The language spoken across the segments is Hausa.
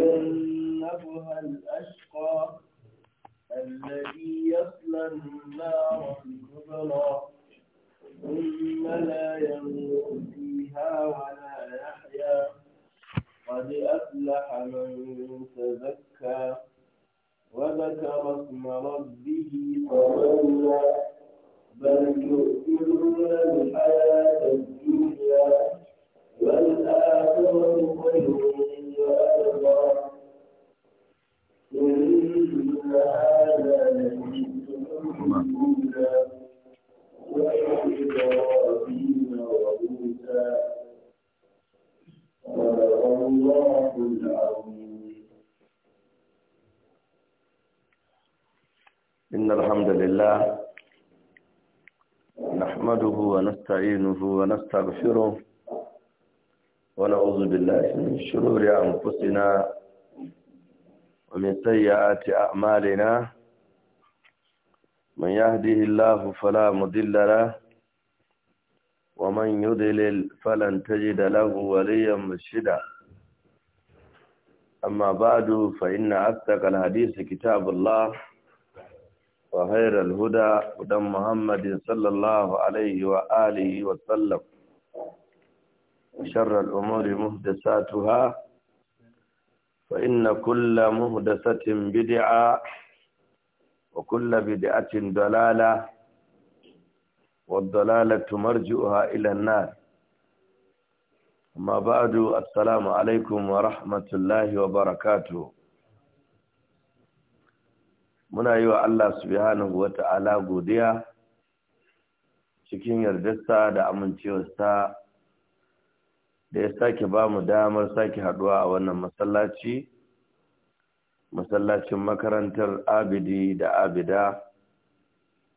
يتجنبها الأشقى الذي يصلى النار ونستغفره ونعوذ بالله من شرور أنفسنا ومن سيئات أعمالنا من يهده الله فلا مضل له ومن يضلل فلن تجد له وليا مرشدا أما بعد فإن أصدق الحديث كتاب الله وخير الهدى هدى محمد صلى الله عليه وآله وسلم وشر الأمور مهدساتها فإن كل مهدسة بدعة وكل بدعة ضلالة والضلالة مرجئها إلى النار أما بعد السلام عليكم ورحمة الله وبركاته muna yi wa Allah subhanahu ta'ala godiya cikin yardarsa da amincewarsa da ya sake ba mu damar sake haduwa a wannan masallaci masallacin makarantar abidi da abida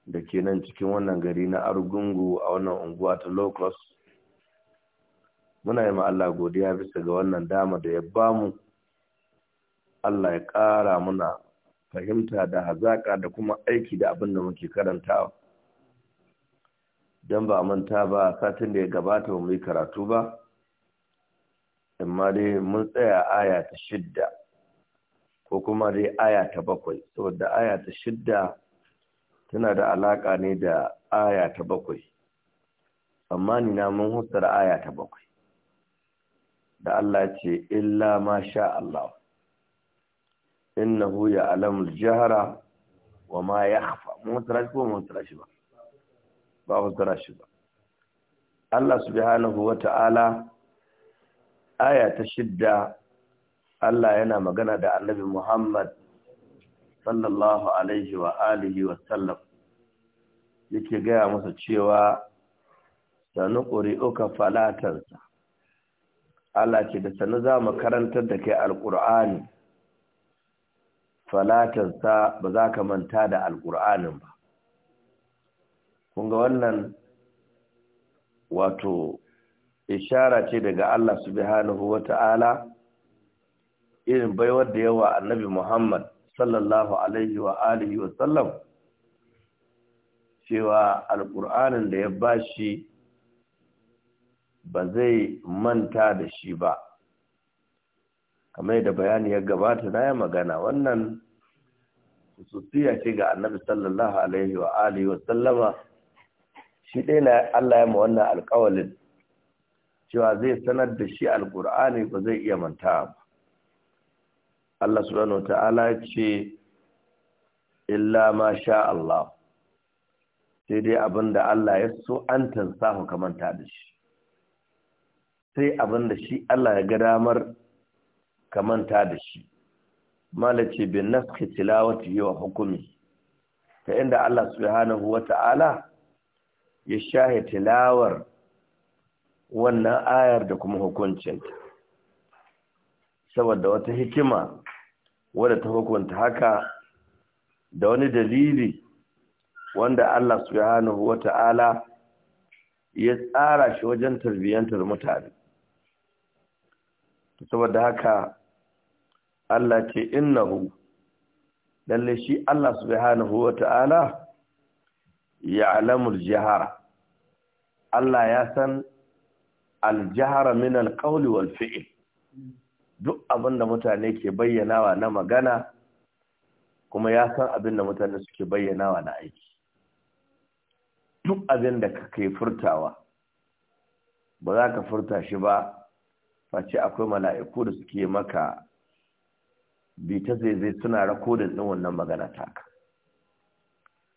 da ke nan cikin wannan gari na argungu a wannan unguwa ta locus muna yi Allah godiya bisa ga wannan dama da ya bamu Allah ya ƙara muna fahimta da hazaƙa da kuma aiki da abin da muke karantawa don ba manta ba satin da ya gabata mu yi karatu ba amma dai mun tsaya aya ta shidda ko kuma dai aya ta bakwai saboda aya ta shidda tana da alaƙa ne da aya ta bakwai amma ni na mun hutsar aya ta bakwai da Allah ce illa ma sha Allah innahu ya الجهر وما wa ma yakhfa mun tara shi ba ba mun ba Allah aya ta shidda Allah yana magana da Annabi Muhammad sallallahu alaihi wa alihi wa sallam yake gaya masa cewa sanukuri uka falatansa Allah ce da sanu za mu karantar da kai alkur'ani falatarsa ba za ka manta da alƙur'anin ba kunga wannan wato ishara ce daga Allah subhanahu wa ta'ala irin baiwar da yawa annabi Muhammad sallallahu alaihi wa alihi wa sallam cewa alƙur'anin da ya bashi ba zai manta da shi ba kamar da bayani ya gabata na ya magana wannan hususiya ce ga annabi sallallahu alaihi wa alihi wa sallama shi dai na Allah ya ma wannan alƙawalin cewa zai sanar da shi alƙur'ani ba zai iya manta ba Allah subhanahu wa ta'ala ya ce illa ma sha Allah sai dai abin da Allah ya so an ka manta da shi sai abinda shi Allah ya ga damar ka manta da shi malace bin naskhi tilawati wa hukumi ta inda Allah subhanahu ta'ala ya shahe tilawar wannan ayar da kuma ta. saboda wata hikima wadda ta hukunta haka da wani dalili wanda Allah subhanahu wata'ala ya tsara shi wajen tarbiyyantar mutane saboda haka Allah ce innahu lalle shi Allah subhanahu wata'ala ya'lamul jihara Allah ya san aljihara min alqawli wal fi'l duk abinda mutane ke bayyanawa na magana kuma ya san abinda mutane suke bayyanawa na aiki duk abinda kake furtawa ba za ka furta shi ba face akwai mala'iku da suke maka bita zai suna rako da wannan magana taka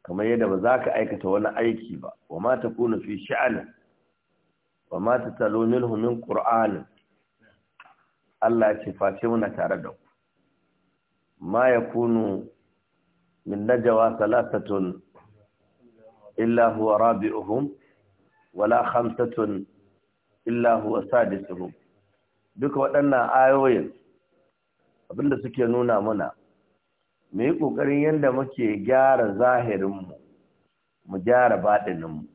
kamar yadda ba za ka aikata wani aiki ba wa ma ta kuna fi sha'ani wa ma ta talo minhu min qur'ani Allah ce face muna tare da ku ma yakunu min najwa salasatun illa huwa rabi'uhum wala khamsatun illa huwa sadisuhum duka waɗannan ayoyin abinda suke nuna muna, mu yi ƙoƙarin yadda muke gyara zahirinmu mu gyara baɗininmu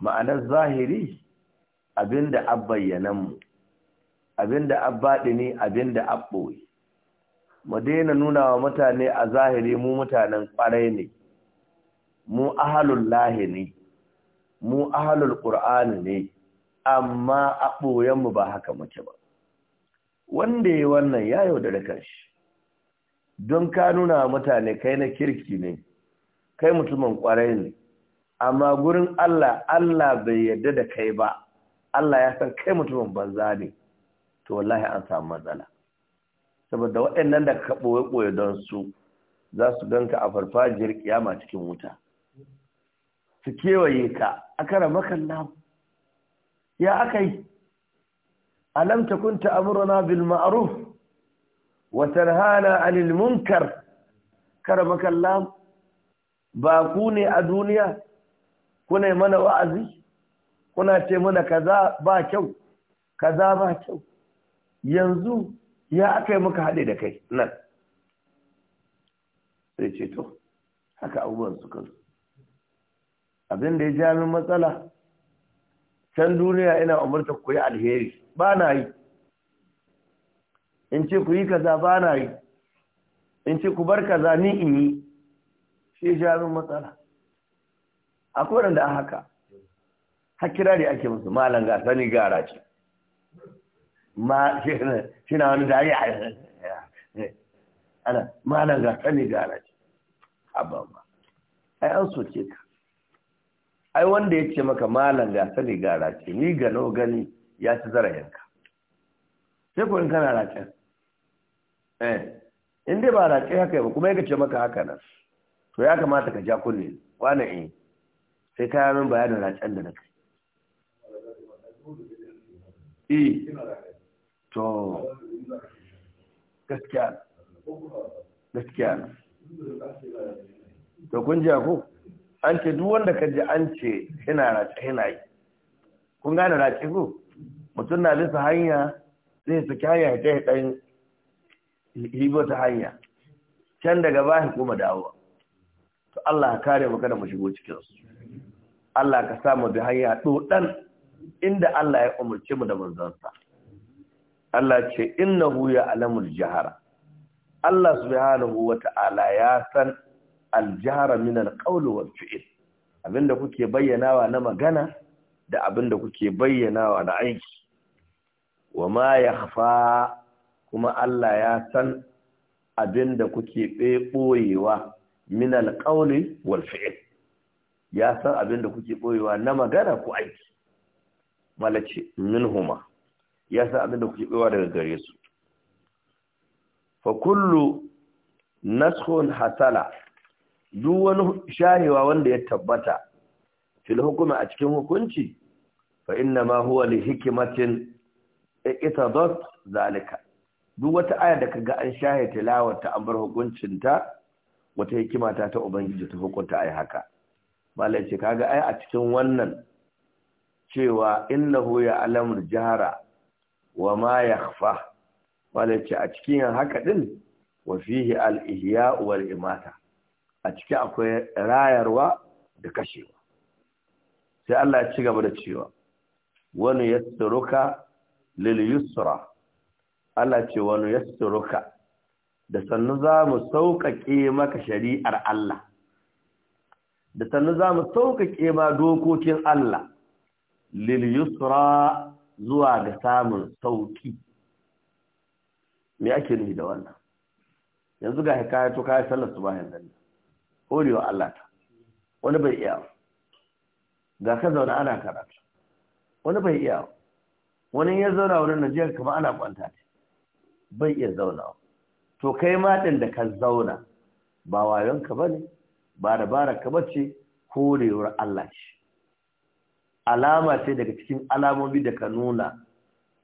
ma'anar zahiri abinda abbayyananmu abinda baɗini abinda ɓoye mu daina nuna wa mutane a zahiri mu mutanen ƙwarai ne mu ahalul lahi ne mu ahalul ƙur'ani ne amma a ɓoyenmu ba haka muke ba wanda ya wannan ya yaudari kanshi don ka nuna mutane kai na kirki ne kai mutumin kwarai ne amma gurin Allah Allah bai yarda da kai ba Allah ya san kai mutumin banza ne to wallahi an samu matsala saboda waɗannan da ka ɓoye-ɓoye don su za su ganka a farfajiyar kiyama cikin wuta su kewaye ka a kara makalla ya aka yi alam takun ta'muruna bil ma'ruf wa tanhana 'anil munkar karamakallah ba ku ne a duniya kuna mana wa'azi kuna ce mana kaza ba kyau kaza ba kyau yanzu ya aka muka haɗe da kai nan sai ce to haka abubuwan su kansu abin da ya ja min matsala can duniya ina umarta ku yi alheri ba na yi in ce ku yi kaza ba na yi in ce ku bar kaza ni in yi shi ya jarin matsala a wanda da haka hakira ne ake musu malan gasa sani gara ce ma shi na wani dari ana malan gasa sani gara ce ba ai an soke ka ai wanda ya ce maka malan ga sani gara ce ni gano gani ya ci zarayenka sai ko in kana raƙe. eh in dai ba raƙe haka ba kuma ya ce maka haka nan to ya kamata ka ja kunne kwana in eh, sai ka min bayanin raƙen da na kai eh to gaskiya gaskiya to kun ji ko an ce duk wanda ka ji an ce ina raƙe ina yi kun gane raƙe ko mutum na bisa hanya zai saki hanya ta yi ɗan hibo ta hanya can daga shi kuma dawo to Allah ka kare mu da mu shigo cikinsu Allah ka samu mu bi hanya ɗoɗan inda Allah ya umarci mu da manzansa Allah ce innahu huya alamul jahara Allah subhanahu ta'ala ya san aljahara min alqawl wal fi'l abinda kuke bayyanawa na magana da abinda kuke bayyanawa na aiki wa ma hafa kuma Allah ya san abin da kuke ɓoyewa min alƙauli walfe'in? ya san abin da kuke ɓoyewa na magana ku aiki malace minhuma ya san abin da kuke ɓoyewa daga gare su fa kullu nashon hasala duk wani shahewa wanda ya tabbata fil hukuma a cikin hukunci fa inna ma huwa li hikmatin iqtadat zalika duk wata aya da kaga an shahe tilawarta an bar hukuncinta wata hikima ta ta ubangiji ta hukunta ai haka malai ce kaga ai a cikin wannan cewa innahu ya'lamu jahara wa ma yakhfa malai ce a cikin haka din wa fihi al-ihya wal imata a ciki akwai rayarwa da kashewa sai Allah ya ci gaba da cewa wani yasturuka lil yusra Allah ce wani yasturuka da sannu za mu sauƙaƙe maka shari'ar Allah da sannu za mu sauƙaƙe ma dokokin Allah lil yusra zuwa ga samun sauƙi me ake nufi da wannan yanzu ga hikaya to kai sallar su subahin nan wa Allah ta wani bai iya ga ka zauna ana karatu wani bai iya wani ya zauna wurin jiyar kama ana kwanta ne. bai iya zauna to kai ma din da ka zauna ba wayonka ba ne ba bara ka bace korewar Allah ce alama ce daga cikin alamomi da ka nuna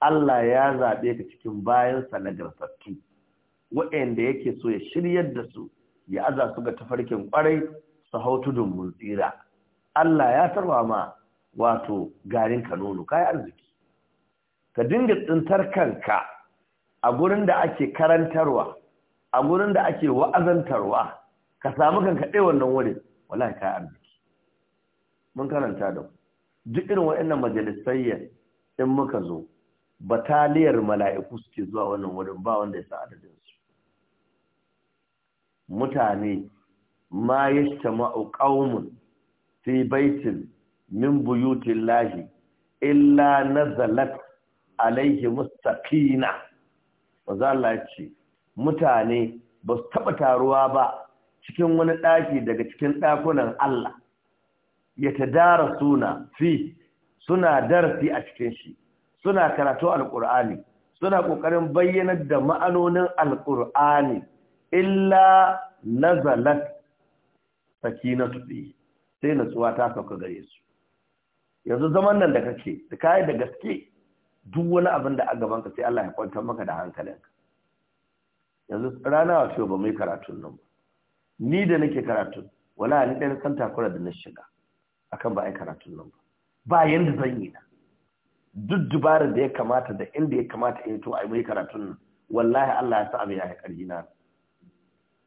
Allah ya zaɓe ka cikin bayan bayansa na garfattu waɗanda yake so ya shiryar da su ya aza su ga tafarkin kwarai su hau tudun mun tsira Allah ya tarwa ma wato garin ka nono kayan arziki ka dinga tsintar kanka a gurin da ake karantarwa a gurin da ake wa'azantarwa ka samu kanka ɗaya wannan wurin wala ka arziki mun karanta da duk irin waɗannan majalisai in muka zo bataliyar mala'iku suke zuwa wannan wurin ba wanda ya sa adadin su mutane ma yajtama'u qaumun fi baitin min buyutillahi illa nazalat alaihi mustaqina maza Allah ce mutane ba su taba taruwa ba cikin wani ɗaki daga cikin ɗakunan Allah ya dara suna fi suna darasi a cikin shi suna karatu alƙur'ani suna ƙoƙarin bayyanar da ma'anonin alƙur'ani illa nazalat sakinatu bi sai natsuwa ta sauka gare su yanzu zaman nan da kake da kai da gaske duk wani abin da a ka, sai Allah ya kwantar maka da hankalinka yanzu rana wa ba mai karatun nan ba ni da nake karatun wala ni ɗaya san takura da na shiga akan ba ai karatun nan ba ba yanda zan yi na duk dubarar da ya kamata da inda ya kamata in to ai mai karatun nan wallahi Allah ya sa abin ya ƙarfi na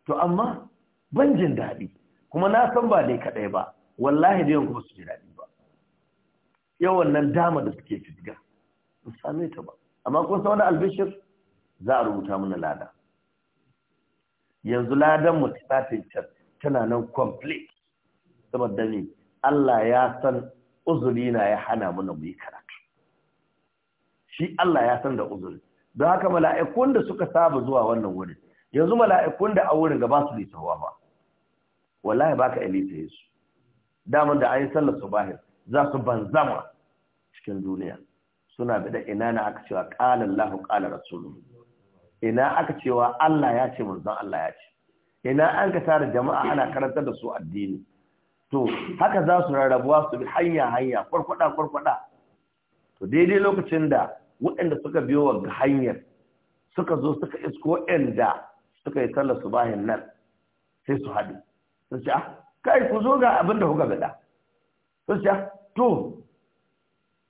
to amma ban jin daɗi kuma na san ba dai kaɗai ba wallahi da yanku ba su ji daɗi ba yawan nan dama da suke fisga ba same ta ba amma kun san wani albishir za a rubuta mana lada yanzu ladan mu ta tana nan complete saboda ni Allah ya san uzuri na ya hana mana mu yi karatu shi Allah ya san da uzuri don haka mala'ikun da suka saba zuwa wannan wurin yanzu mala'ikun da a wurin ga ba su litawa ba wallahi baka elita yesu daman da an yi sallar subahir za su banzama cikin duniya suna da ina na aka cewa qala Allahu rasuluhu ina aka cewa Allah ya ce manzon Allah ya ce ina an ka tara jama'a ana karantar da su addini to haka za su rarrabuwa su bi hanya hanya kwarkwada kwarkwada to daidai lokacin da waɗanda suka biyo wa hanyar suka zo suka isko inda suka yi sallar bahin nan sai su haɗu sun ce ah kai ku zo ga abin da kuka gada sun ce ah, to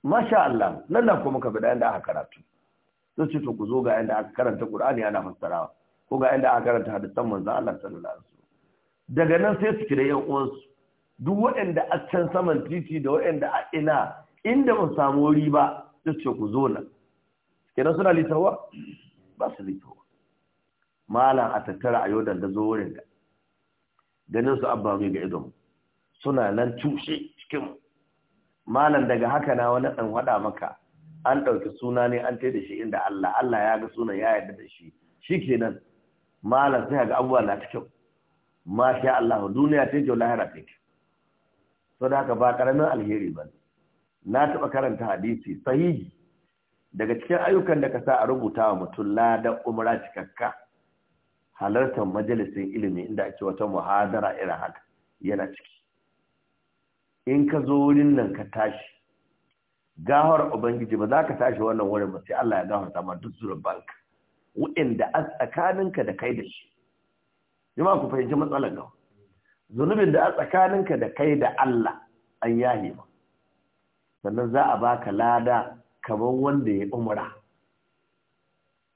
masha Allah nan na kuma muka faɗa yadda aka karatu sun ce to ku zo ga yadda aka karanta Qur'ani ana fassarawa ko ga yadda aka karanta hadisan manzon Allah sallallahu alaihi wasallam daga nan sai su kira yan uwansu duk waɗanda a can saman titi da waɗanda a ina inda ba samu wuri ba sun ce ku zo nan Idan suna litawa ba su litawa malam a tattara a yau da zo wurin ganin su abba mai ga idon suna nan tushe cikin mu malam daga haka na wani ɗan waɗa maka an ɗauki suna ne an tai da shi inda Allah Allah ya ga sunan ya yarda da shi shi kenan malam sai ga abubuwa na ta kyau sha Allah duniya ta kyau lahira ta kyau to da haka ba karamin alheri ba na taɓa karanta hadisi sahihi daga cikin ayyukan da ka sa a rubuta wa mutum ladan umra cikakka halartar majalisin ilimi inda ake wata muhadara irin haka yana ciki in ka zo wurin nan ka tashi gahar ubangiji ba za ka tashi wannan wurin ba sai Allah ya gafarta ma duk zuwa banka wa'inda a tsakaninka da kai da shi ma ku fahimci matsalar gawa zunubin da a tsakaninka da kai da Allah an yahe ba sannan za a baka lada kamar wanda ya umura.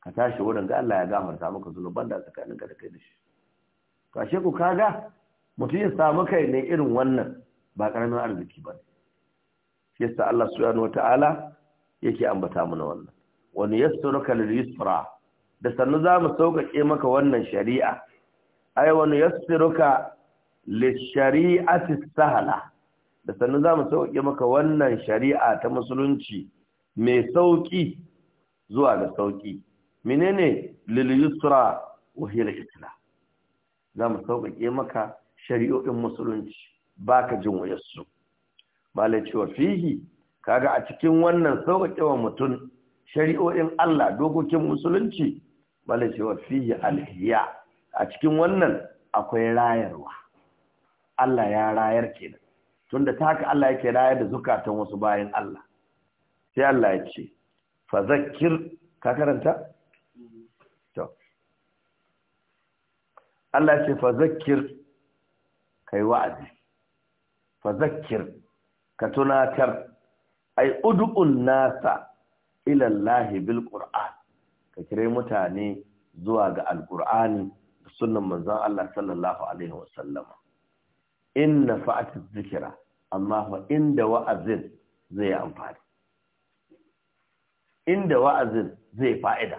ka tashi wurin ga Allah ya gafarta maka zunuban da a tsakaninka da kai da shi kashe ku kaga mutum ya samu kai ne irin wannan ba ƙaramin arziki ba shi yasa Allah subhanahu wata'ala yake ambata mana wannan wani yasturuka lil yusra da sannu za mu sauƙaƙe maka wannan shari'a ay wani yasturuka lil shari'ati sahla da sannu za mu sauƙaƙe maka wannan shari'a ta musulunci mai sauƙi zuwa ga sauƙi menene lil yusra wa hiya islam za mu sauƙaƙe maka shari'o'in musulunci baka jin su. malai cewa fihi kaga a cikin wannan sauƙaƙewa mutum shari'o'in Allah dokokin musulunci malai cewa fihi alhiya a cikin wannan akwai rayarwa Allah ya rayar kenan tunda taka Allah yake rayar da zukatan wasu bayan Allah sai Allah ya ce fa zakkir ka karanta to Allah ya ce fa zakkir kai wa'azi fazakir ka tunatar ai udu'un nasa ila bil Qur'an ka kire mutane zuwa ga alqur'ani da sunnan manzon Allah sallallahu alaihi wasallam inna fa'at zikira amma fa inda wa'azin zai amfani inda wa'azin zai fa'ida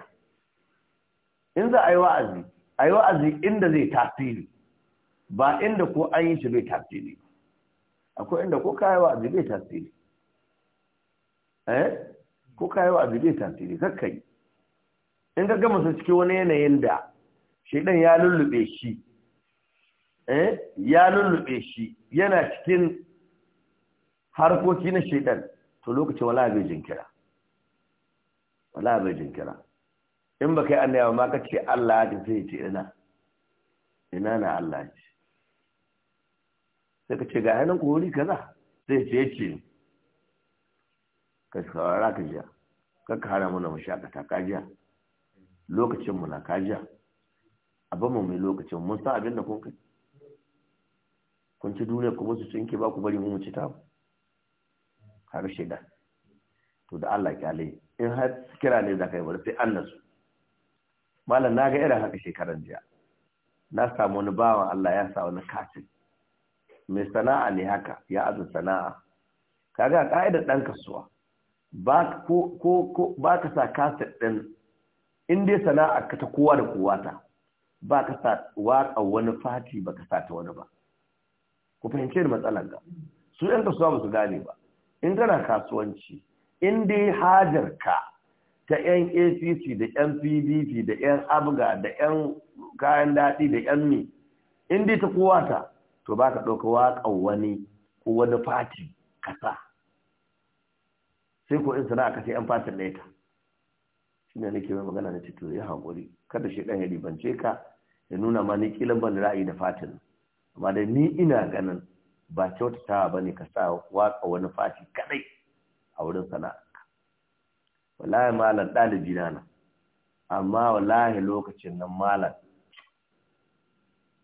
in za ai yi wa'azi ai wa'azi inda zai tasiri ba inda ko an yi shi bai tasiri akwai inda ko kayi wa abu zai tasiri eh ko kayi wa abu zai tasiri kakkai in ka gama su cikin wani yanayin da shaidan ya lullube shi eh ya lullube shi yana cikin harkoki na shaidan to lokacin wala bai jinkira wala bai jinkira in ba kai annayawa ma ka ce Allah ya ce ina ina na Allah ce sai ka ce ga yanan kuri kaza sai ce ce ka saurara ka jiya ka hana mana mu shakata ka jiya lokacin mu na ka jiya abin mu mai lokacin mun sa abin da kun kai kun ci duniya kuma su cinke ba ku bari mu ci ta har shida to da Allah kyale in har kira ne za ka yi bari sai an nasu malam na ga irin haka shekaran jiya na samu wani bawan Allah ya sa wani katin mai sana'a ne haka ya azu sana'a kaga ka'idar dan kasuwa ba ko ko ba ka sa kaset din in dai sana'a ka ta kowa da kowa ta ba ka sa waka wani fati ba ka sa ta wani ba ku fahimce da matsalar ga su yan kasuwa ba su gane ba in kana kasuwanci in dai hajar ka ta yan acc da yan pdp da yan abga da yan kayan dadi da yan mi in dai ta kowa ta to ba ka ɗauka waƙan wani ko wani fati kasa sai ko in sana'a ka sai an fatin ɗaya ta shi ne nake mai magana na cikin ya haƙuri kada shi ɗan ya ribance ka ya nuna ma ni ƙilan ban ra'ayi da fatin amma da ni ina ganin ba kyautatawa ba ne ka sa waƙa wani fati kaɗai a wurin sana'a wallahi malam ɗalibi na nan amma wallahi lokacin nan malam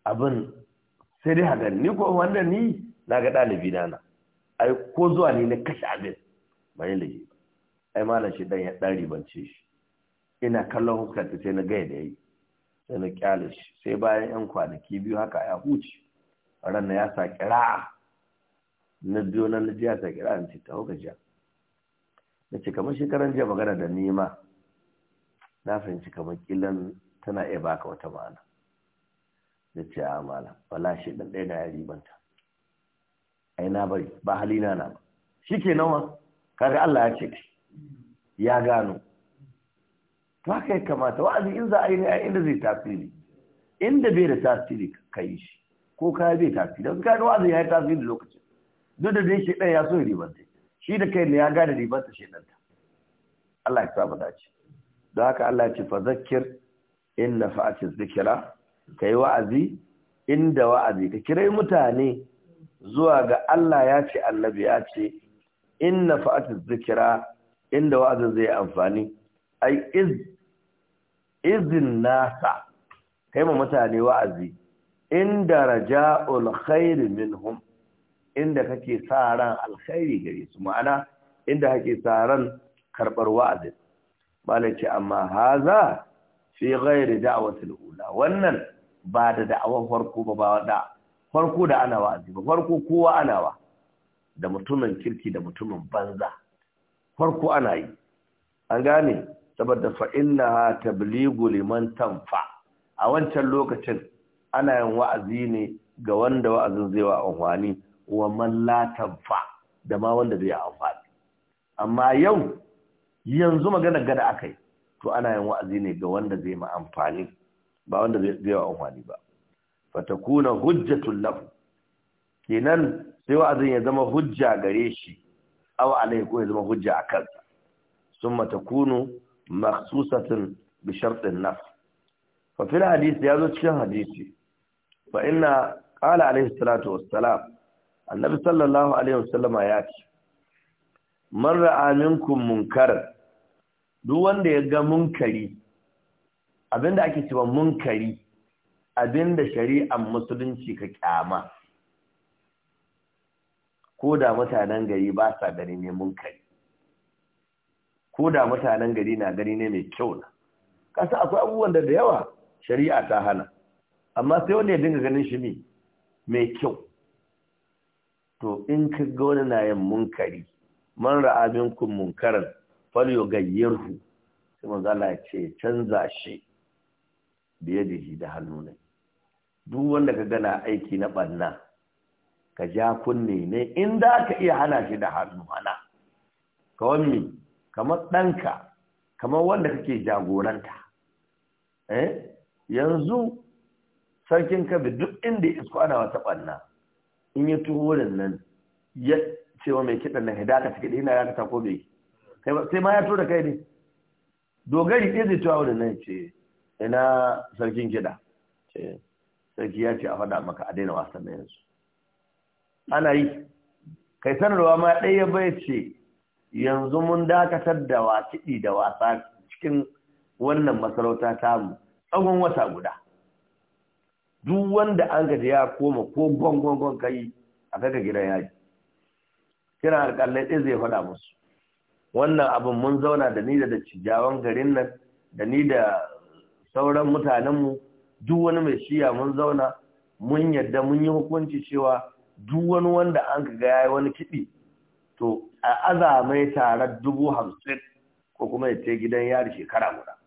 abin sai dai hadari ni ko wanda ni na ga ɗalibi na na ai ko zuwa ni na kashe abin bai lage ai malam shi dan ya dan ribance shi ina kallon huskar ta sai na gaya da yayi sai na kyale shi sai bayan yan kwanaki biyu haka ya huce ran na ya sa kira na biyo na na jiya sa kira in ce ta hau gajiya na ce kamar shekaran jiya magana da nema na fahimci kamar kilan tana iya baka wata ma'ana da ce a ah, mala wala shi dan ɗaya na ya ribanta ai na bari ba halina na ba shi ke nawa kaga Allah ya ce ya gano to haka ya kamata wa'azi in za a yi ne a inda zai tasiri inda bai da tasiri ka yi shi ko ka bai tasiri don ka wa'azi ya yi tasiri lokacin duk da dai shi ɗan ya so ya ribanta shi da kai ne ya gane ribanta shi ɗan ta Allah ya sa da dace don haka Allah ya ce fa zakkir in nafa'ati zikira ka yi wa'azi inda wa'azi ka kirai mutane zuwa ga Allah ya ce annabi ya ce inna fa'atu zikira inda wa'azi zai amfani ai izin nasa kai ma mutane wa'azi inda alkhairi khairi minhum inda kake sa ran alkhairi gare su ma'ana inda kake sa ran karɓar wa'azi malaki amma haza fi ghairi da'watil ula wannan ba da da'awar farko ba ba da farko da ana wa'azi ba farko kowa ana wa da mutumin kirki da mutumin banza farko ana yi an gane saboda fa inna tabligu liman tamfa a wancan lokacin ana yin wa'azi ne ga wanda wa'azin zai wa amfani wa man la tanfa da ma wanda zai amfani amma yau yanzu magana gada akai to ana yin wa'azi ne ga wanda zai ma amfani ba wanda zai wa amfani ba fatakuna hujjatul lahu kenan sai wa'azin ya zama hujja gare shi aw alai ko ya zama hujja a kansa summa takunu makhsusatan bi shart an naf fa fil hadith ya zo cikin hadisi fa inna qala alayhi salatu wassalam annabi sallallahu alaihi wasallama ya ce man ra'a minkum munkar duk wanda ya ga munkari abinda ake cewa munkari abinda shari'an musulunci ka kyama ko da mutanen gari ba sa gari ne munkari ko da mutanen gari na gani ne mai kyau na kasa akwai abubuwan da da yawa shari'a ta hana amma sai wanda ya dinga ganin shi ne mai kyau to in ka ga wani na yin munkari man ra'abin kun munkaran falyo gayyarhu sai manzo ya ce canza shi biyadihi da hannu ne duk wanda ka gana aiki na banna ka ja kunne ne in da ka iya hana shi da hannu hana ka wani kamar ɗanka kamar wanda kake jagoranta eh yanzu sarkin kabi duk inda ya isko ana wata ɓanna in ya tuho da nan ya cewa mai kiɗan na hidaka ta kiɗi yana ya ta ko bai sai ma ya tura kai ne dogari ɗaya zai tuwa da nan ce ina sarkin kiɗa sarki ya ce a faɗa maka a daina wasan na yanzu ana yi kai sanarwa ma ɗaya bai ce yanzu mun dakatar da wasiɗi da wasa cikin wannan masarauta tamu tsawon wata guda duk wanda an gaji ya koma ko gwangwangon kai a kaka gidan yaji kira alƙalai ɗaya zai faɗa musu wannan abin mun zauna da ni da cijawan garin nan da ni da sauran mutanenmu duk wani mai shiya mun zauna mun yadda mun yi hukunci cewa duk wani wanda an ga yayi wani kiɗi to a azamai tare dubu hamsin ko kuma ya ce gidan yari shekara guda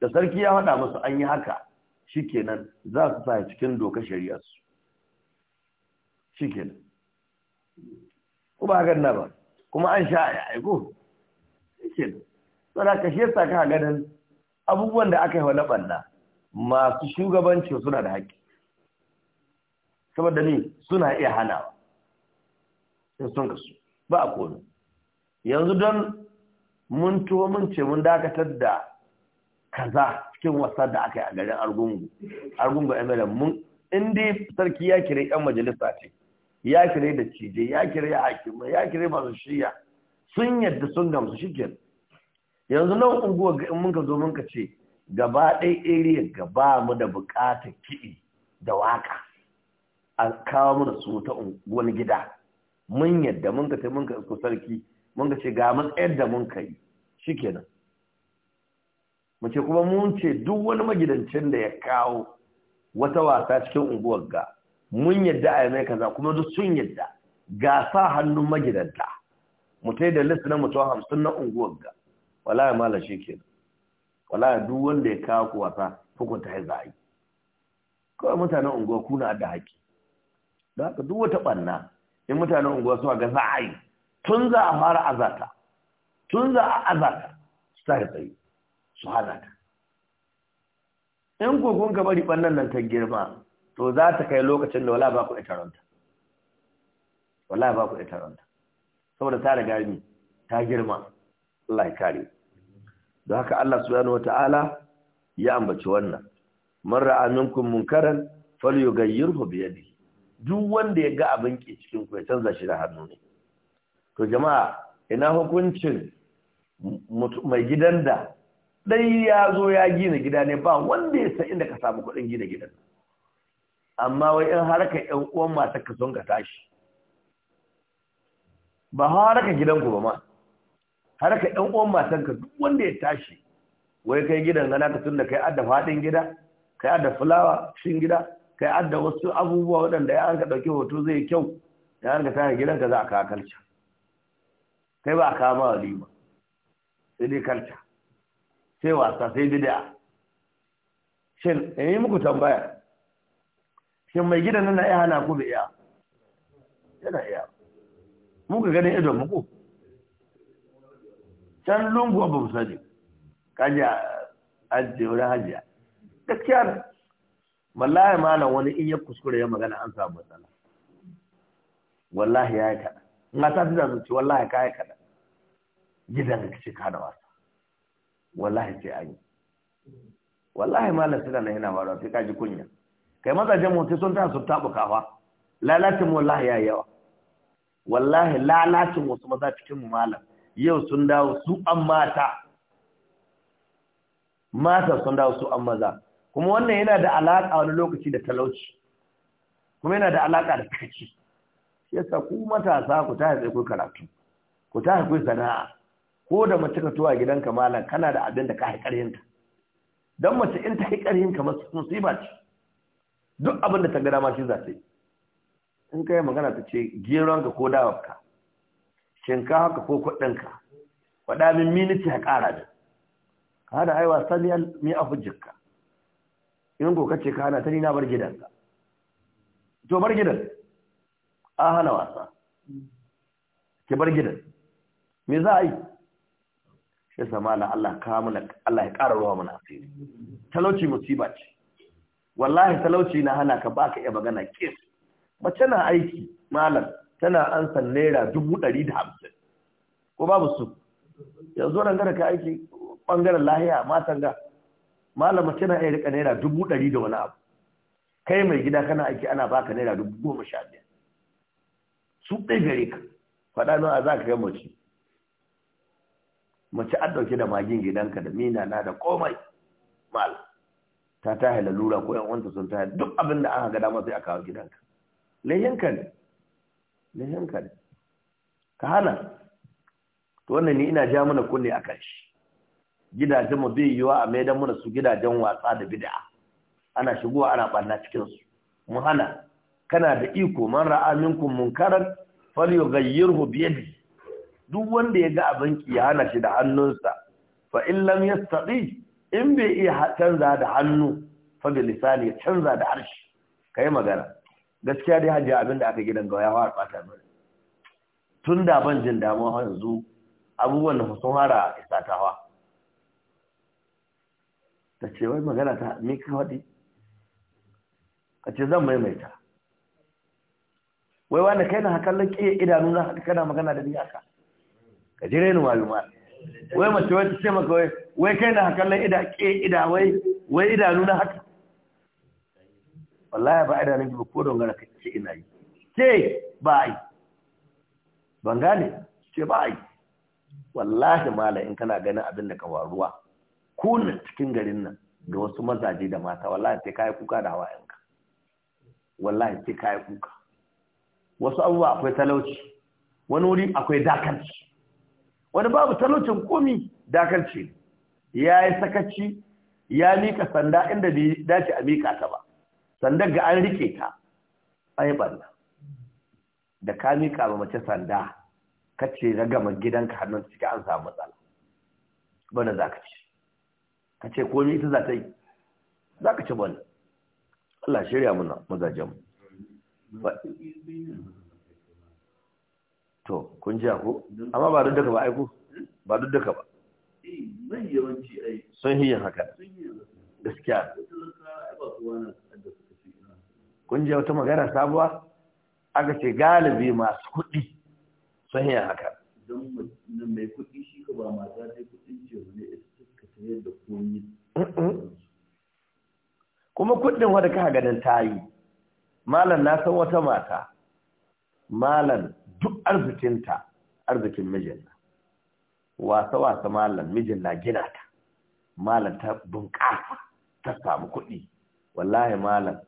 da sarki ya faɗa musu an yi haka shikenan za su sa cikin doka su shikenan kuma hakan na ba kuma an sha a aiko shikenan saboda ka shi yasa ka ganin abubuwan da aka yi wa ɓanna masu shugabanci suna da haƙƙi saboda ne suna iya hanawa sai sun kasu ba a komi yanzu don mun tuwo mun ce mun dakatar da kaza cikin wasa da aka yi a garin argungu argungu mlm mun inda sarki ya kire yan majalisa ce ya kire da cije ya kire hakimai ya kire masu shirya sun yadda sun gamsu shi kenan yanzu nan unguwar ga in ka zo ka ce gaba ɗaya area gaba mu da buƙatar kiɗi da waka a kawo mu da su ta wani gida mun yadda mun ka ce mun ka isko sarki mun ka ce ga matsayar da mun ka yi shikenan mu ce kuma mun ce duk wani magidancin da ya kawo wata wasa cikin unguwar ga mun yadda a yi mai kaza kuma duk sun yadda ga sa hannun magidanta mu yi da list na mutuwa hamsin na unguwar ga wallahi mala shi ke wallahi duk wanda ya kawo ku wasa hukunta ya zai kawai mutanen unguwa kuna da haƙi da haka duk wata ɓanna in mutanen unguwa suna ga za'ayi yi tun za a fara azata tun za a azata su ta tsaye su hana ta in kokon ka bari ɓannan nan ta girma to za ta kai lokacin da wala ba ku ita ranta wala ba ku ita ranta saboda ta riga ni ta girma Allah ya kare don haka Allah subhanahu wata'ala ya ambaci wannan man ra'a minkum munkaran falyughayyirhu bi yadihi duk wanda ya ga abin ke cikin ku ya canza shi da hannu ne to jama'a ina hukuncin mai gidan da dai ya zo ya gina gida ne ba wanda ya san inda ka samu kuɗin gina gidan amma wai in haraka ƴan uwan matar ka son ka tashi ba haraka ku ba ma har ka ɗan uwan matanka duk wanda ya tashi wai kai gidan gana ka tunda kai adda fadin gida kai adda fulawa shin gida kai adda wasu abubuwa waɗanda ya ka ɗauki hoto zai yi kyau ya ka tashi gidanka za a kawo kalca kai ba a kawo ma ba sai dai kalca sai wasa sai bid'a shin in eh, yi muku tambaya shin mai gidan nan na iya hana ku da iya yana iya muka ganin idon muku can lungu ba mu sani kaji a ce wurin da gaskiyar wallahi mana wani in ya kuskure ya magana an samu matsala wallahi ya yi kaɗan na ta fi zuci wallahi ka yi kaɗan gidan ka ce ka da wasa wallahi ce an yi wallahi malam suna na yana faruwa sai ka ji kunya kai mazajen mutu sun ta su taɓa kawa. lalacin wallahi ya yawa wallahi lalacin wasu maza cikin malam yau sun dawo su an mata mata sun dawo su an maza kuma wannan yana da alaƙa wani lokaci da talauci kuma yana da alaƙa da kaci yasa ku matasa ku ta haifai ku karatu ku ta haifai sana'a ko da mace ka tuwa gidanka malam kana da abin da ka haƙarhinta don mace in ta haƙarhinka masu musiba ce duk abin da ta gada ma shi za ta yi in ka yi magana ta ce geronka ko dawarka shinkawa ka ko kuɗinka faɗa min miniti a ƙara da ka hada aiwa saniyar mi a hujjinka in ko kace ka hana ta na bar gidanka to bar gidan a hana wasa ki bar gidan me za a yi shi sama na Allah ka Allah ya ƙara ruwa muna asiri talauci musiba ce wallahi talauci na hana ka baka iya magana kis mace na aiki malam tana ansa naira dubu ɗari da hamsin ko babu su yanzu nan gara ka aiki ɓangaren lahiya matan ga malama tana iya rika naira dubu ɗari da wani abu kai mai gida kana aiki ana baka naira dubu goma sha biyar su ɗai gare ka faɗa nawa za ka ga mace mace an ɗauke da magin gidanka da mina na da komai mal ta tahe lalura ko yan wanta sun tahe duk abin da aka ga dama sai a kawo gidanka layyanka ne da hankali ka hana to wannan ne ina ja mana kunne a shi gidajen mu bai yiwa a maidan muna su gidajen wasa da bid'a ana shigowa ana ɓanna cikin su mu hana kana da iko man ra'a minkum munkaran falyughayyirhu bi duk wanda ya ga abin ki ya hana shi da hannunsa fa in lam yastati in bai iya canza da hannu fa bi lisani ya canza da harshe kai magana gaskiya dai hajji abin da aka gidan gawa ya fara fata mini tun da ban jin damuwa yanzu abubuwan da sun fara isa ta ce wai magana ta me ka faɗi ka ce zan maimaita wai wanda kai na hakan laƙi idanu na kana magana da ni haka ka jire ni maluma wai mace wai ta ce maka wai kai na hakan laƙi ida ke ida wai wai idanu na haka wallahi ba idanun ki ko don gana kace ina yi ce ba yi ban gane ce ba yi wallahi mala in kana ganin abin da ka waruwa kunan cikin garin nan ga wasu mazaje da mata wallahi sai kai kuka da hawayenka wallahi sai kai kuka wasu abubuwa akwai talauci wani wuri akwai dakarci wani babu talaucin komi dakarci ya yi sakaci ya mika sanda inda bai dace a mika ta ba sandar ga an rike ta an yi ɓanna da ka miƙa ba mace sanda ka ce ragamar gidanka hannun ciki an samu matsala bane za ka ci ka ce komi ita za ta yi za ka ci bane Allah shirya muna mu to kun ji ku amma ba duk daga ba aiku ba duk daga ba sun hiyin haka gaskiya kun je wata magana sabuwa aka ce galibi masu kuɗi sun yi haka mai kuɗi shi ka ba kuma kuɗin wadda ka ganin ta yi malam na san wata mata malam duk arzikinta arzikin na wasa-wasa malam mijin na gina ta malam ta bunƙasa ta samu kuɗi wallahi malam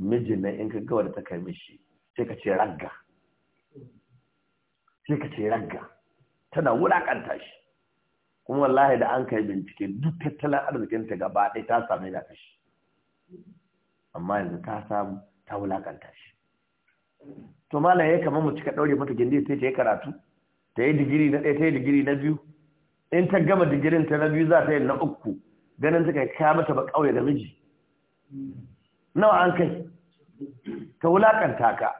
mijin nan in ka ga da ta kai mishi sai ka ce ragga sai ka ce ragga tana wulakanta shi kuma wallahi da an kai bincike duk tattalin arzikinta gaba ɗaya ta same na kashi amma yanzu ta samu ta wulakanta shi to malam ya kamar mu cika ɗaure mata gindi sai ta yi karatu ta yi digiri na ɗaya ta yi digiri na biyu in ta gama digirin ta na biyu za ta yi na uku ganin ta kai kaya mata ba ƙauye da miji nawa an kai ta wulakanta ka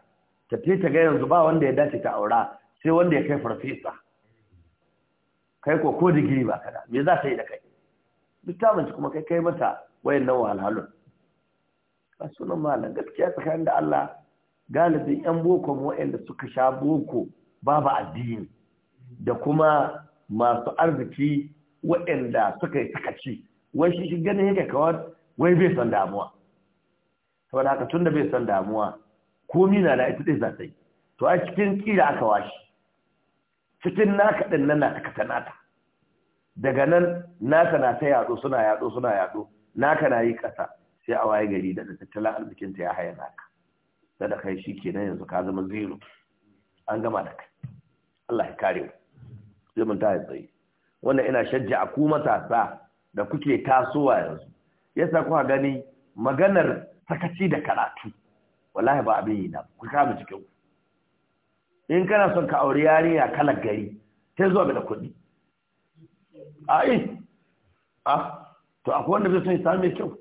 ta ta ga yanzu ba wanda ya dace ta aura sai wanda ya kai farfesa kai ko ko digiri ba kada me za ta yi da kai duk ta kuma kai kai mata nan wahalhalun a sunan malam gaskiya tsakanin da Allah galibin yan boko wayanda suka sha boko babu addini da kuma masu arziki wayanda suka yi sakaci wai shi ganin yake kawar wai bai son damuwa saboda haka tunda bai son damuwa komi na da ita dai za ta yi to a cikin kira aka washi cikin naka din nan na takata nata daga nan naka na ta yaɗo suna yaɗo suna yaɗo naka na yi ƙasa sai a waye gari da tattalin arzikin ta ya haya naka da da kai shi kenan yanzu ka zama zero an gama da kai Allah ya kare mu sai mun ta tsaye wannan ina shajja a ku matasa da kuke tasowa yanzu yasa kuka gani maganar sakaci da karatu wallahi ba abin yi na ku kama cikin in kana son ka aure yarinya kala gari sai zuwa da kuɗi a yi a to akwai wanda bai son ya sami kyau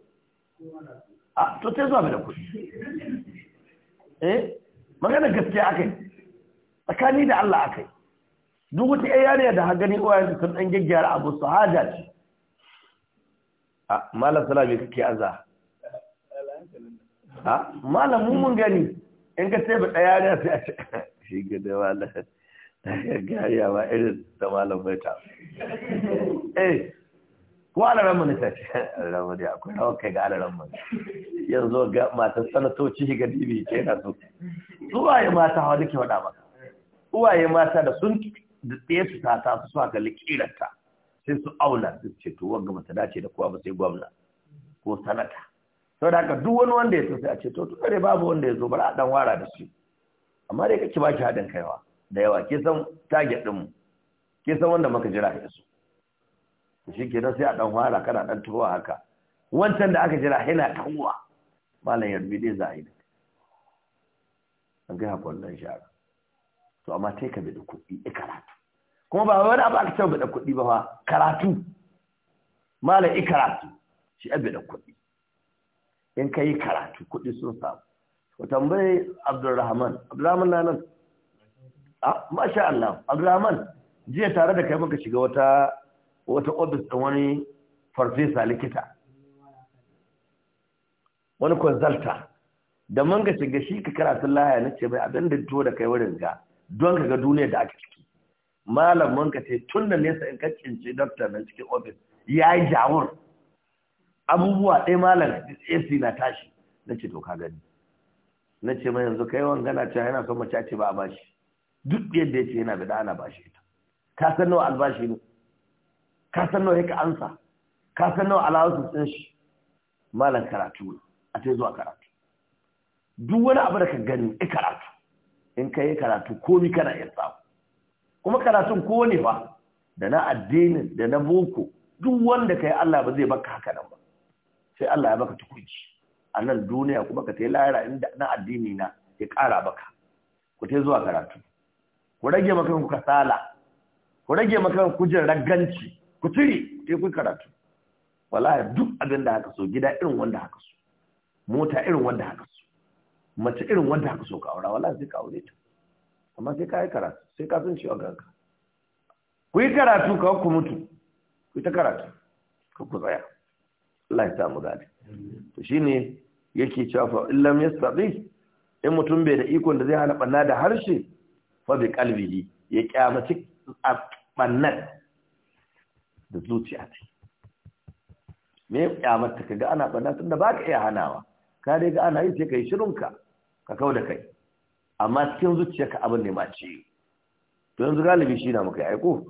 a to sai zuwa da kuɗi eh magana gaskiya akai tsakani da Allah akai duk wata yarinya da hagani uwayen sun dan gaggyara abu su haja ce a malam salami kake aza ha malamu mun gani in ka sai daya yariya sai a ce shi gida ga ya ba irin da malam bai ta eh ko alaran mu ne ta ce alaran akwai rawa kai ga alaran mun yanzu ga matan sanatoci ga dibi ke na su ya mata hawa nake wada maka uwaye mata da sun da tsaye su ta ta su suka likiranta sai su auna su ce to wanga mata dace da kowa ba sai gwamna ko sanata sau da haka duk wani wanda ya tafi a ce to tukare babu wanda ya zo bari a dan wara da shi amma dai kake baki haɗin kaiwa da yawa ke san target ɗinmu ke san wanda muka jira ya su to shi ke sai a dan wara kana dan turowa haka wancan da aka jira yana tahowa malam yarbi dai za a yi da an gaya kwallon shara to amma sai ka bi da kuɗi i karatu kuma ba wani abu aka ce bi da kuɗi ba karatu malam i karatu shi a da kuɗi in ka yi karatu kuɗi sun samu ku tambayi abdulrahman abdulrahman na nan a ah, masha Allah abdulrahman jiya tare da kai muka shiga wata wata ofis ɗin wani farfesa likita wani konsalta da man ga shiga shi ka karatun laya na ce mai abin da to da kai wurin ga don ka ga duniya da aka ciki malam man ka ce tun da nesa in ka cince dokta na cikin ofis ya yi jawur abubuwa ɗaya malam AC na tashi na ce to ka gani na ce mai yanzu kai na cewa yana son mace ce ba a bashi duk yadda ya ce yana bida ana bashi ita ka san nawa albashi ne ka san nawa yake ansa ka san nawa alawansu sun shi malam karatu ne a ta zuwa karatu duk wani abu da ka gani ya karatu in ka yi karatu komi kana iya tsawo kuma karatun ko ne da na addinin da na boko duk wanda ka yi Allah ba zai baka haka nan ba sai Allah ya baka tukunci a nan duniya kuma ka tai lahira inda na addini na ya ƙara baka ku tai zuwa karatu ku rage maka ku kasala ku rage maka ku jin ragganci ku tiri sai ku karatu wallahi duk abin da haka so gida irin wanda haka so mota irin wanda haka so mace irin wanda haka so ka aura wallahi sai ka aure ta amma sai ka yi karatu sai ka san cewa ganka ku yi karatu ka ku mutu ku yi ta karatu ka ku tsaya Allah ya samu gani to shine yake cewa fa illam yastabi in mutum bai da ikon da zai hana banna da harshe fa bi qalbihi ya kyamaci bannan da zuciya ta me ta kaga ana banna tunda baka iya hanawa ka dai ga ana yi sai kai shirinka, ka kau da kai amma cikin zuciyarka abin ne ma ce to yanzu galibi shi na muka yi aiko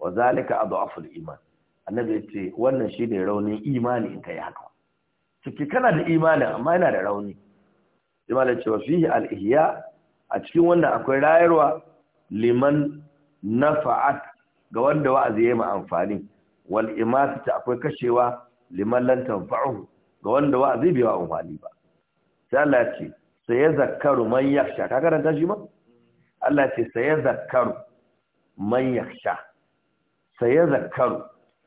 wa zalika adhaful iman annabi ya ce wannan shi ne raunin imani in ka yi haka ciki kana da imani amma yana da rauni imanin cewa fihi al'ihiya a cikin wannan akwai rayarwa liman nafa'at ga wanda wa'azi ya yi amfani wal ta akwai kashewa liman lan tanfa'u ga wanda wa'azi bai wa amfani ba sai Allah ya ce sai ya zakaru man yakhsha ka karanta shi ma Allah ya ce sai ya zakaru man yakhsha sai ya zakaru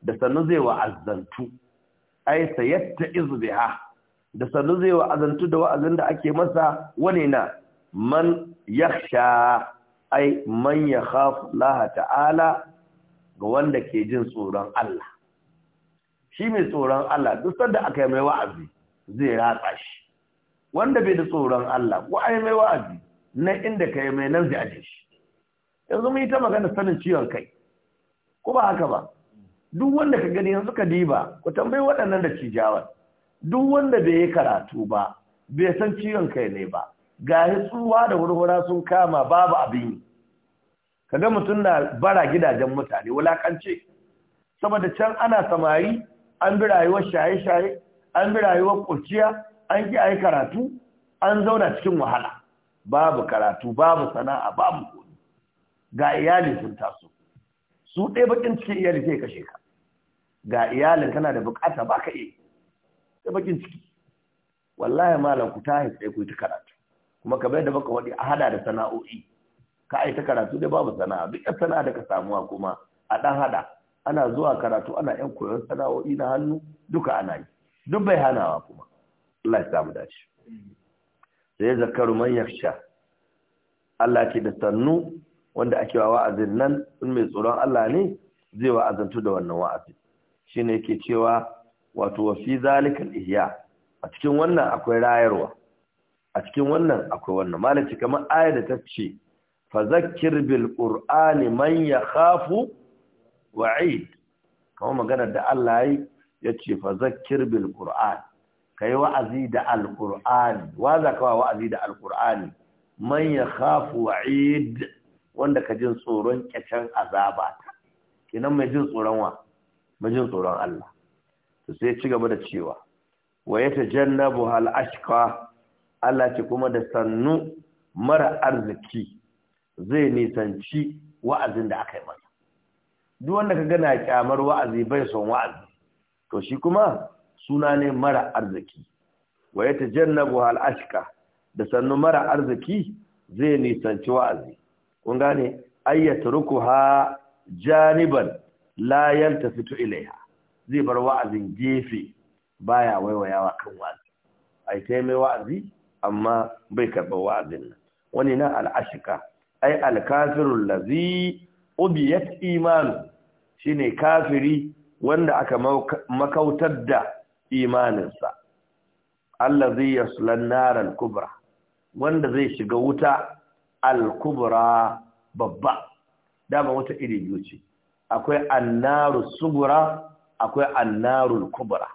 da sannu zai wa'azantu ai sayatta izbiha da sannu zai wa'azantu da wa'azin da ake masa wane na man yakhsha ai man yakhafu Allah ta'ala ga wanda ke jin tsoron Allah shi mai tsoron Allah duk sanda aka mai wa'azi zai ratsa shi wanda bai da tsoron Allah ko ai mai wa'azi na inda kai mai nan zai aje shi yanzu mu yi ta magana sanin ciwon kai ko ba haka ba duk wanda ka gani yanzu ka diba ku tambayi waɗannan da ci jawar duk wanda bai yi karatu ba bai san ciwon kai ne ba ga tsuwa da wurwura sun kama babu abin yi ka ga mutum na bara gidajen mutane wulakance saboda can ana samari an bi rayuwar shaye-shaye an bi rayuwar kurciya an ki ayi karatu an zauna cikin wahala babu karatu babu sana'a babu kudi ga iyali sun taso su ɗaya bakin cikin iyali sai kashe ka ga iyalin kana da bukata ba ka iya ta bakin ciki wallahi malam ku ta haifai ku ta karatu kuma ka bayar da baka wadi a hada da sana'o'i ka ai karatu da babu sana'a duk yan sana'a da ka samuwa kuma a dan hada ana zuwa karatu ana yan koyon sana'o'i na hannu duka ana yi duk bai hanawa kuma Allah ya samu dace sai ya zakaru man yaksha Allah ke da sannu wanda ake wa wa'azin nan in mai tsoron Allah ne zai wa'azantu da wannan wa'azin. shine yake cewa wato wa fi zalikal ihya a cikin wannan akwai rayarwa a cikin wannan akwai wannan malaci kamar ayar da ta ce fazakkir bil qur'ani man yakhafu wa'id kamar maganar da Allah yayi yace fazakkir bil qur'an kai wa'azi da al qur'an wa za ka wa'azi da al qur'an man yakhafu wa'id wanda ka jin tsoron kyacen azaba kinan mai jin tsoron wa majin tsoron Allah to sai ci gaba da cewa wa yatajannabu hal ashqa Allah ce kuma da sannu mara arziki zai nisanci wa'azin da aka yi masa duk wanda ka gana kyamar wa'azi bai son wa'azi to shi kuma suna ne mara arziki wa yatajannabu hal ashqa da sannu mara arziki zai nisanci wa'azi kun gane ayyata rukuha janiban ta fito ilaiha zai bar wa'azin gefe baya waiwayawa kan wa'azi ai ta mai wa'azi amma bai karɓar wa'azin nan wani nan al'ashika ai alkafirun lazi ubiyat imanu shine kafiri wanda aka makautar da imaninsa allazi yaslan al kubra wanda zai shiga wuta al-kubra babba dama wata iri biyu ce akwai annaru sugura akwai annaru kubura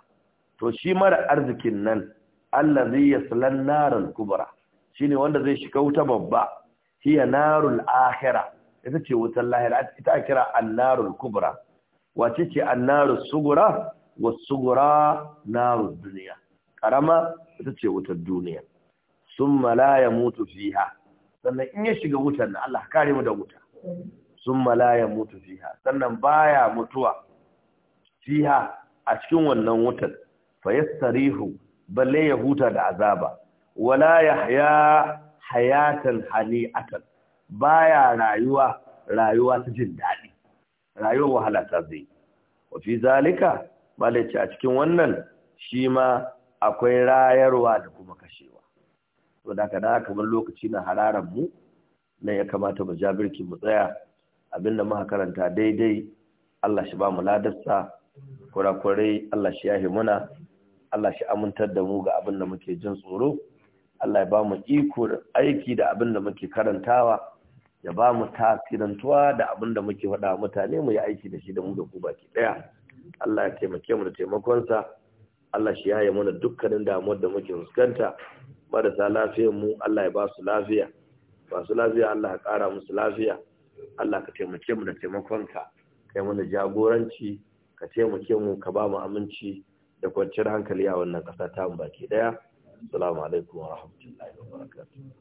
to shi mara arzikin nan allazi yaslan narul kubura shine wanda zai shiga wuta babba hiya narul akhira ita ce wutar lahira ita kira annarul kubra wace ce annarul sugura wasugura narul duniya karama ita ce wutar duniya summa la yamutu fiha sannan in ya shiga wutar nan Allah kare mu da wuta summa la mutu fiha sannan baya mutuwa fiha a cikin wannan wutar fa yastarihu balle ya huta da azaba wala yahya hayatan hani'atan baya rayuwa rayuwa ta jin daɗi rayuwa wahala ta zai wafi zalika ce a cikin wannan shi ma akwai rayarwa da kuma kashewa to da kamar lokaci na hararan mu na ya kamata mu jabirki mu tsaya abinda muka karanta daidai Allah shi ba mu ladarsa kurakurai Allah shi ya muna Allah shi amintar da mu ga abinda muke jin tsoro Allah ya ba mu iko aiki da abinda muke karantawa ya ba mu tasirantuwa da abinda muke faɗa mutane mu yi aiki da shi da mu da ku baki ɗaya Allah ya taimake mu da taimakonsa Allah shi yaye mana dukkanin damuwar da muke fuskanta marasa lafiyar mu Allah ya ba su lafiya masu lafiya Allah ya ƙara musu lafiya Allah ka taimake mu da taimakonka kai mana jagoranci ka taimake mu ka ba mu aminci da kwanciyar hankali a wannan ƙasa ta mu baki daya assalamu alaikum wa rahmatullahi wa barakatuh